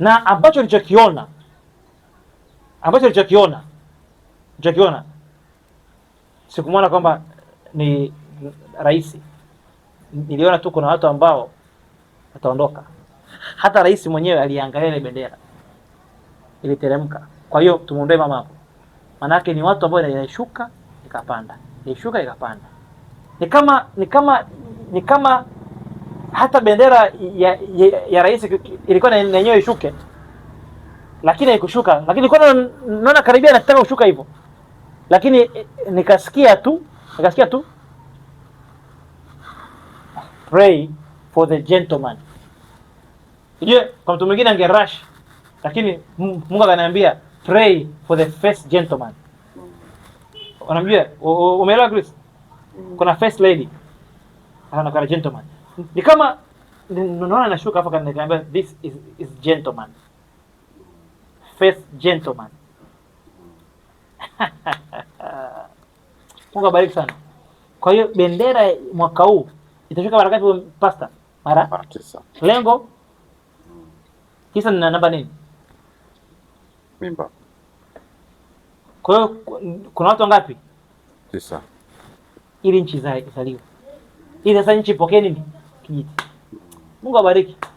na ambacho nilichokiona ambacho nilichokiona nilichokiona sikumwona kwamba ni rais, niliona tu kuna watu ambao wataondoka. Hata rais mwenyewe aliangalia ile bendera iliteremka. Kwa hiyo tumuondoe mama hapo, manake ni watu ambao inashuka ikapanda, inashuka ikapanda, ni kama ni kama ni kama hata bendera ya, ya, ya rais ilikuwa na yenyewe ishuke, lakini haikushuka, lakini kwa naona karibia nataka kushuka hivyo, lakini eh, nikasikia tu nikasikia tu pray for the gentleman. Ijue kwa mtu mwingine ange rush, lakini Mungu akaniambia pray for the first gentleman. Unamjua, umeelewa Chris? Mm. Kuna first lady, ana gentleman ni kama naona nashuka hapo, kana nikamwambia this is, is gentleman face gentleman. Mungu abariki sana. Kwa hiyo bendera mwaka huu itashuka mara ngapi pastor? Mara tisa. Lengo tisa na namba nini? Mimba. Kwa hiyo kuna watu wangapi? Tisa. Ili nchi izaliwe. Ili sasa nchi ipokee nini? kijiti. Mungu awabariki.